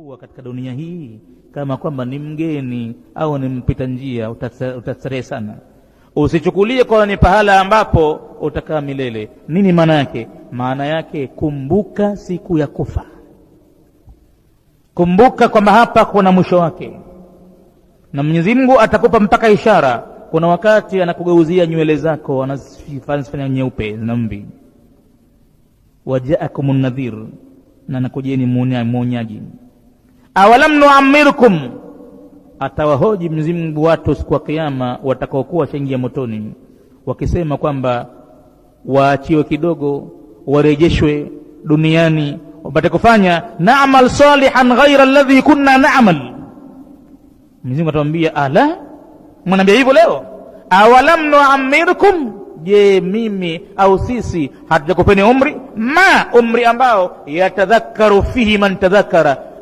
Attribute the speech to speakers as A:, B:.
A: kuwa katika dunia hii kama kwamba ni mgeni au ni mpita njia, utastarehe sana. Usichukulie kwa ni pahala ambapo utakaa milele. Nini maana yake? Maana yake kumbuka siku ya kufa, kumbuka kwamba hapa kuna mwisho wake, na Mwenyezi Mungu atakupa mpaka ishara. Kuna wakati anakugeuzia nywele zako, anazifanya nyeupe, zina mvi. Wajaakumun nadhir, na nakujeni mwonyaji awalam nuammirkum, atawahoji Mwenyezi Mungu watu siku ya Kiyama watakaokuwa washaingia motoni, wakisema kwamba waachiwe kidogo, warejeshwe duniani wapate kufanya na'mal salihan ghaira alladhi kunna na'mal. Mwenyezi Mungu atamwambia ala, mwanambia hivyo leo? awalam nuammirkum, je, mimi au sisi hatujakupeni umri ma umri ambao yatadhakaru fihi man tadhakara